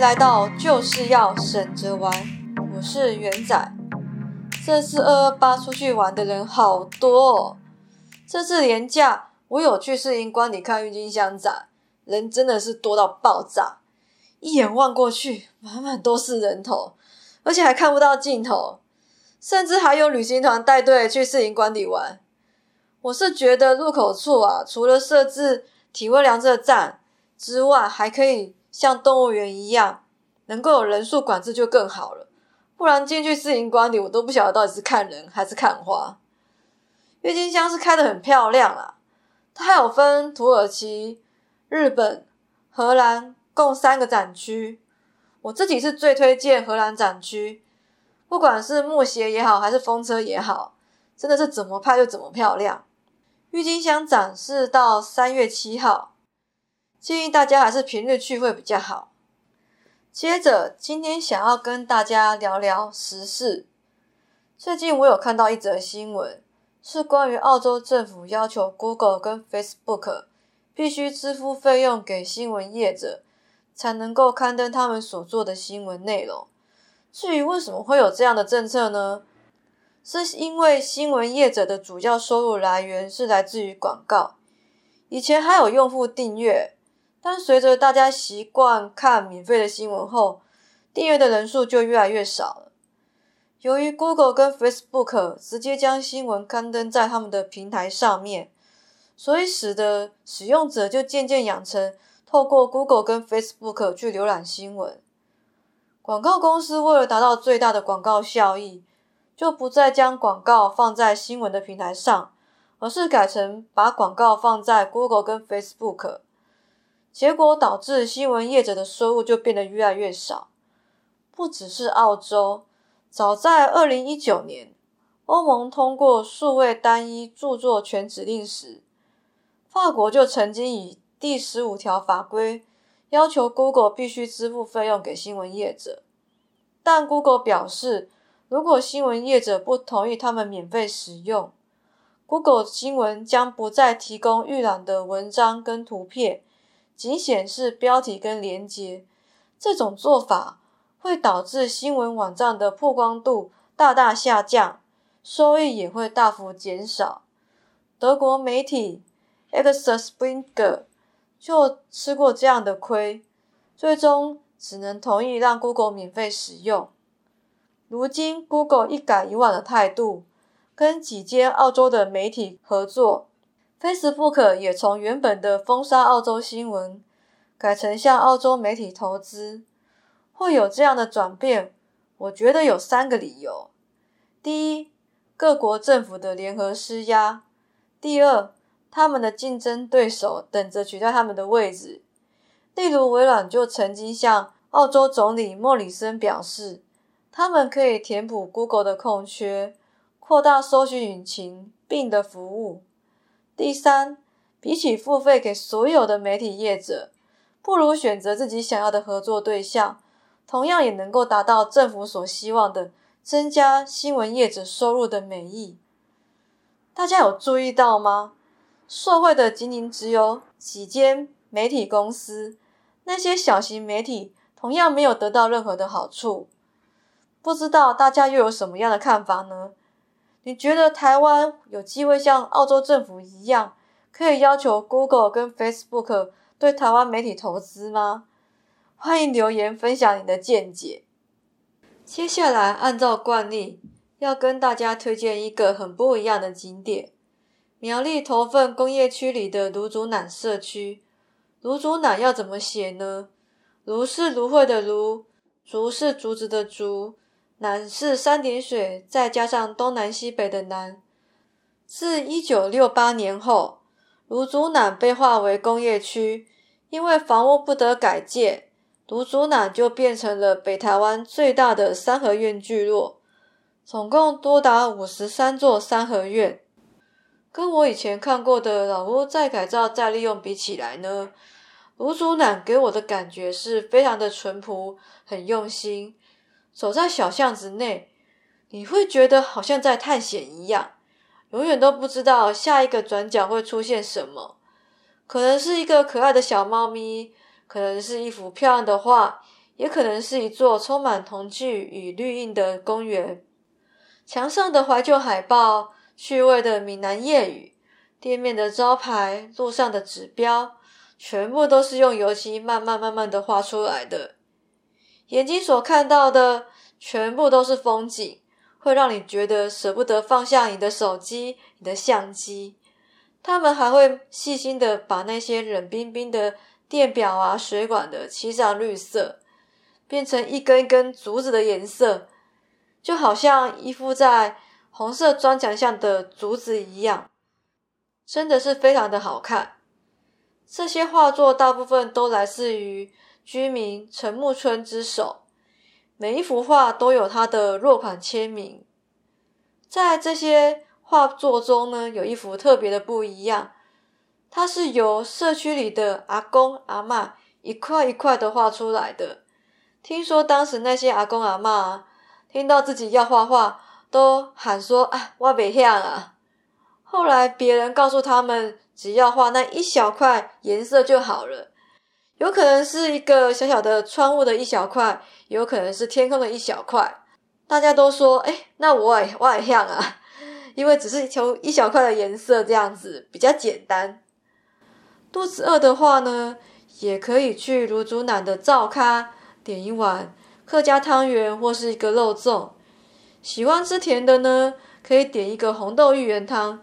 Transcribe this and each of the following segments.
來到就是要省着玩，我是元仔。這次二二八出去玩的人好多哦。這次連假我有去士林官邸看鬱金香展，人真的是多到爆炸，一眼望過去滿滿都是人頭，而且還看不到盡頭，甚至還有旅行團帶隊去士林官邸玩。我是覺得入口處啊，除了設置體溫量測站之外，還可以。像動物園一樣，能夠有人數管制，就更好了。不然進去士林官邸，我都不曉得到底是看人還是看花。鬱金香是開的很漂亮啊，它還有分土耳其、日本、荷蘭共三個展區。我自己是最推薦荷蘭展區，不管是木鞋也好，還是風車也好，真的是怎麼拍就怎麼漂亮。鬱金香展示到三月七號。建議大家還是平日去會比較好。接着，今天想要跟大家聊聊時事。最近我有看到一則新聞，是關於澳洲政府要求 Google 跟 Facebook 必須支付費用給新聞業者，才能夠刊登他們所做的新聞內容。至於為什麼會有這樣的政策呢？是因為新聞業者的主要收入來源是來自於廣告，以前還有用戶訂閱。但隨着大家習慣看免費的新聞後，訂閱的人數就越來越少了。由於 Google 跟 Facebook 直接將新聞刊登在他們的平台上面，所以使得使用者就漸漸養成透過 Google 跟 Facebook 去瀏覽新聞。廣告公司為了達到最大的廣告效益，就不再將廣告放在新聞的平台上，而是改成把廣告放在 Google 跟 Facebook。結果導致新聞業者的收入就變得越來越少。不只是澳洲，早在二零一九年，歐盟通過數位單一著作權指令時，法國就曾經以第十五條法規要求 Google 必須支付費用給新聞業者。但 Google 表示，如果新聞業者不同意他們免費使用，Google 新聞將不再提供預覽的文章跟圖片。僅顯示標題跟連結，這種做法會導致新聞網站的曝光度大大下降，收益也會大幅減少。德國媒體 Axel Springer 就吃過這樣的虧，最終只能同意讓 Google 免費使用。如今 Google 一改以往的態度，跟幾間澳洲的媒體合作。Facebook 也從原本的封殺澳洲新聞，改成向澳洲媒體投資，會有這樣的轉變。我覺得有三個理由：第一，各國政府的聯合施壓；第二，他們的競爭對手等着取代他們的位置，例如微軟就曾經向澳洲總理莫里森表示，他們可以填補 Google 的空缺，擴大搜尋引擎 Bing 的服務。第三，比起付費給所有的媒體業者，不如選擇自己想要的合作對象，同樣也能夠達到政府所希望的增加新聞業者收入的美意。大家有注意到嗎？受惠的僅僅只有幾間媒體公司，那些小型媒體同樣沒有得到任何的好處。不知道大家又有什麼樣的看法呢？你覺得台灣有機會像澳洲政府一樣，可以要求 Google 跟 Facebook 對台灣媒體投資嗎？歡迎留言分享你的見解。接下來按照慣例，要跟大家推薦一個很不一樣的景點——苗栗頭份工業區裡的蘆竹湳社區。蘆竹湳要怎麼寫呢？蘆是蘆薈的蘆，竹是竹子的竹。南是三點水，再加上東南西北的南。自一九六八年後，蘆竹南被劃為工業區，因為房屋不得改建，蘆竹南就變成了北台灣最大的三合院聚落，總共多達五十三座三合院。跟我以前看過的老屋再改造再利用比起來呢，蘆竹南給我的感覺是非常的淳樸，很用心。走在小巷子內，你會覺得好像在探險一樣，永遠都不知道下一個轉角會出現什麼。可能是一個可愛的小貓咪，可能是一幅漂亮的畫，也可能是一座充滿童趣與綠蔭的公園。牆上的懷舊海報，趣味的閩南諺語，店面的招牌，路上的指標，全部都是用油漆慢慢慢慢的畫出來的。眼睛所看到的全部都是風景，會讓你覺得捨不得放下你的手機、你的相機。他們還會細心的把那些冷冰冰的電表啊、水管的，漆上綠色，變成一根一根竹子的顏色，就好像依附在紅色磚牆上的竹子一樣，真的是非常的好看。這些畫作大部分都來自於。居民陳木春之手，每一幅畫都有他的落款簽名。在這些畫作中呢，有一幅特別的不一樣，它是由社區裡的阿公阿嬤一塊一塊的畫出來的。聽說當時那些阿公阿嬤啊，聽到自己要畫畫，都喊說：“啊，我白相啊！”後來別人告訴他們，只要畫那一小塊顏色就好了。有可能是一個小小的窗戶的一小塊，有可能是天空的一小塊。大家都說：“哎、欸，那我也我也一樣啊，因為只是一一小塊的顏色，這樣子比較簡單。”肚子餓的話呢，也可以去蘆竹湳的灶咖點一碗客家湯圓或是一個肉粽。喜歡吃甜的呢，可以點一個紅豆芋圓湯。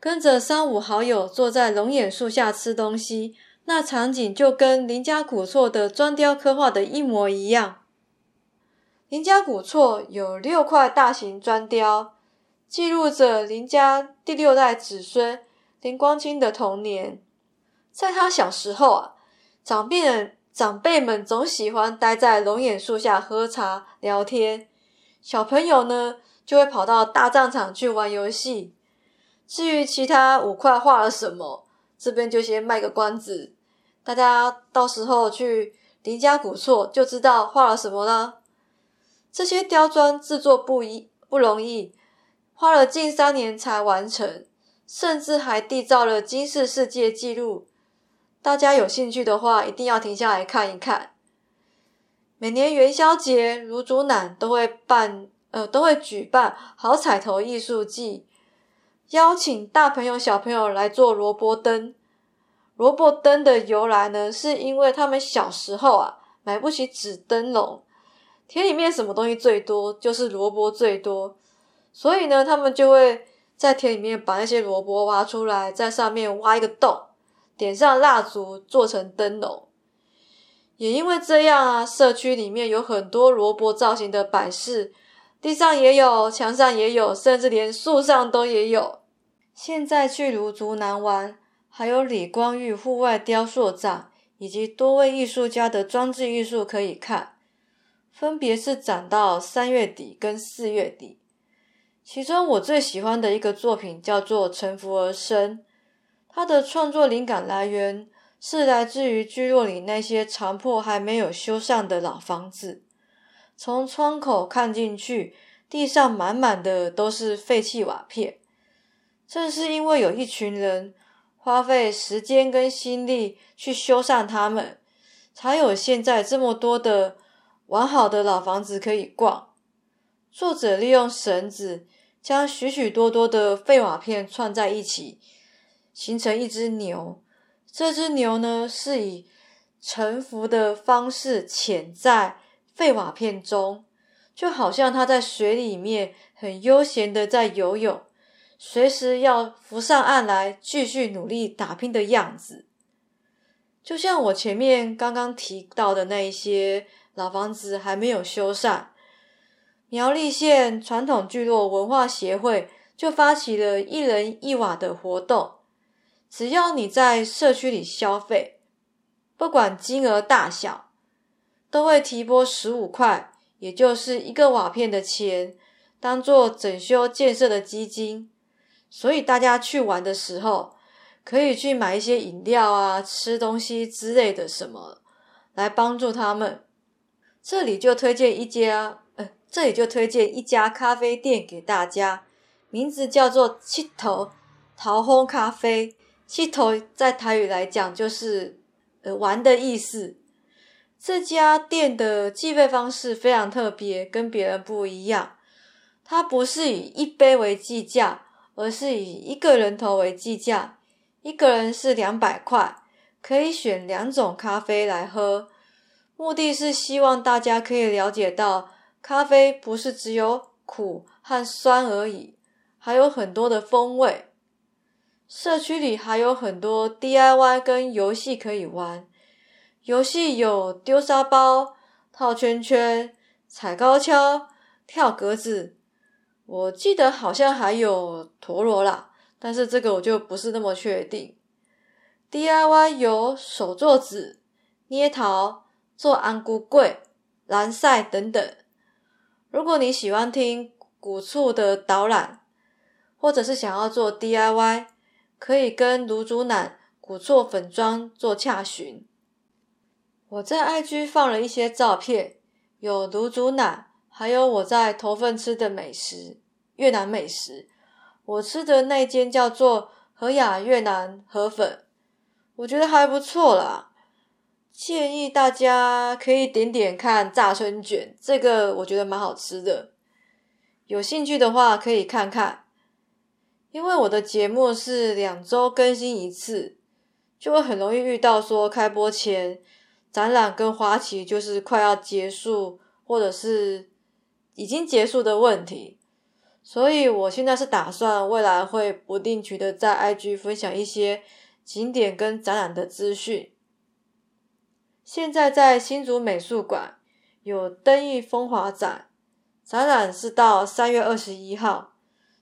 跟着三五好友坐在龍眼樹下吃東西。那場景就跟林家古厝的磚雕刻畫的一模一樣。林家古厝有六塊大型磚雕，記錄着林家第六代子孫林光清的童年。在他小時候啊，長輩人長輩們總喜歡待在龍眼樹下喝茶聊天，小朋友呢就會跑到大戰場去玩遊戲。至於其他五塊畫了什麼，這邊就先賣個關子。大家到時候去林家古厝，就知道畫了什麼呢？這些雕磚製作不易，不容易，花了近三年才完成，甚至還締造了金氏世界紀錄。大家有興趣的話，一定要停下來看一看。每年元宵節，如竹南都會辦，呃，都會舉辦好彩頭藝術季，邀請大朋友小朋友來做蘿蔔燈。蘿蔔燈的由來呢，是因為他們小時候啊，買不起紙燈籠，田裡面什麼東西最多，就是蘿蔔最多，所以呢，他們就會在田裡面把那些蘿蔔挖出來，在上面挖一個洞，點上蠟燭做成燈籠。也因為這樣啊，社區裡面有很多蘿蔔造型的擺飾，地上也有，牆上也有，甚至連樹上都也有。現在去蘆竹湳玩，還有李光裕戶外雕塑展，以及多位藝術家的裝置藝術可以看，分別是展到三月底跟四月底。其中我最喜歡的一個作品叫做《沉浮而生》，它的創作靈感來源是來自於聚落裡那些殘破還沒有修繕的老房子。從窗口看進去，地上滿滿的都是廢棄瓦片。正是因為有一群人。花費時間跟心力去修繕它們，才有現在這麼多的完好的老房子可以逛。作者利用繩子將許許多多的廢瓦片串在一起，形成一隻牛。這隻牛呢，是以沉浮的方式潛在廢瓦片中，就好像它在水裡面很悠閒的在游泳，隨時要浮上岸來繼續努力打拼的樣子，就像我前面剛剛提到的那一些老房子還沒有修繕。苗栗縣傳統聚落文化協會就發起了一人一瓦的活動，只要你在社區裡消費，不管金額大小，都會提撥十五塊，也就是一個瓦片的錢，當做整修建設的基金。所以大家去玩的時候，可以去買一些飲料啊、吃東西之類的什麼，來幫助他們。這裡就推薦一家，呃，這裡就推薦一家咖啡店給大家，名字叫做七頭桃烘咖啡。七頭在台語來講就是“呃玩”的意思。這家店的計費方式非常特別，跟別人不一樣，它不是以一杯為計價。而是以一個人頭為計價，一個人是兩百塊，可以選兩種咖啡來喝。目的是希望大家可以了解到，咖啡不是只有苦和酸而已，還有很多的風味。社區裡還有很多 DIY 跟遊戲可以玩，遊戲有丟沙包、套圈圈、踩高蹺、跳格子。我記得好像還有陀螺啦，但是這個我就不是那麼確定。DIY 有手作紙、捏陶、做安菇櫃、藍曬等等。如果你喜歡聽古厝的導覽，或者是想要做 DIY，可以跟蘆竹湳古厝粉專做洽詢。我在 IG 放了一些照片，有蘆竹湳。還有我在頭份吃的美食，越南美食，我吃的那間叫做和雅越南河粉，我覺得還不錯啦。建議大家可以點點看炸春卷，這個我覺得蠻好吃的。有興趣的話可以看看，因為我的節目是兩周更新一次，就會很容易遇到說開播前展覽跟花期就是快要結束，或者是。已經結束的問題，所以我現在是打算未來會不定期的在 IG 分享一些景點跟展覽的資訊。現在在新竹美術館有燈藝風華展，展覽是到三月二十一號，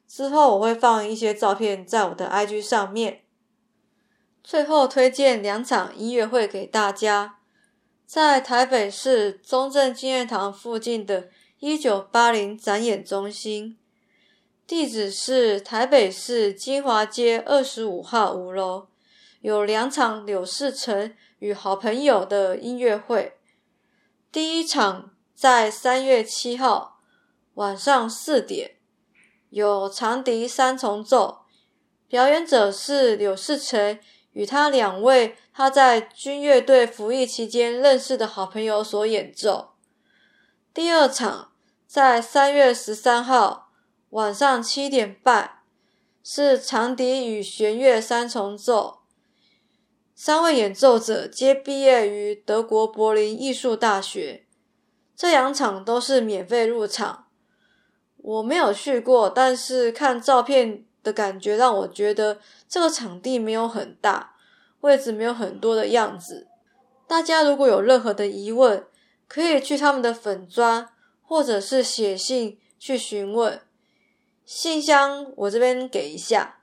之後，我會放一些照片在我的 IG 上面。最後推薦兩場音樂會給大家，在台北市中正紀念堂附近的。一九八零展演中心地址是台北市金華街二十五號五樓，有兩場柳世成與好朋友的音樂會。第一場在三月七號晚上四點，有長笛三重奏，表演者是柳世成與他兩位他在軍樂隊服役期間認識的好朋友所演奏。第二場，在三月十三號晚上七點半，是長笛與弦樂三重奏，三位演奏者皆畢業於德國柏林藝術大學。這兩場都是免費入場，我沒有去過，但是看照片的感覺讓我覺得這個場地沒有很大，位置沒有很多的樣子。大家如果有任何的疑問，可以去他們的粉專，或者是寫信去詢問，信箱我這邊給一下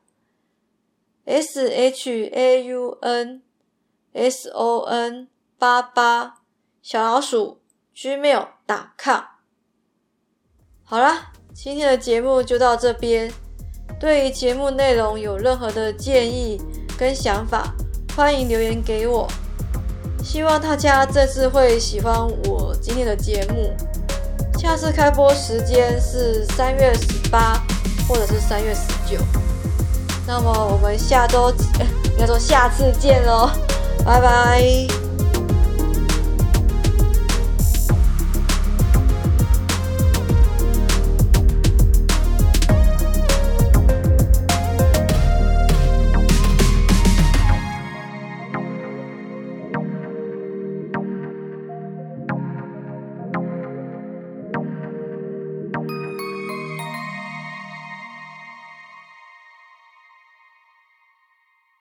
，shaunson 八八小老鼠 gmail.com。好啦，今天的節目就到這邊。對於節目內容有任何的建議跟想法，歡迎留言給我。希望大家這次會喜歡我今天的節目。下次開播時間是三月十八，或者是三月十九。那麼我們下周，欸，應該說下次見嘍，拜拜。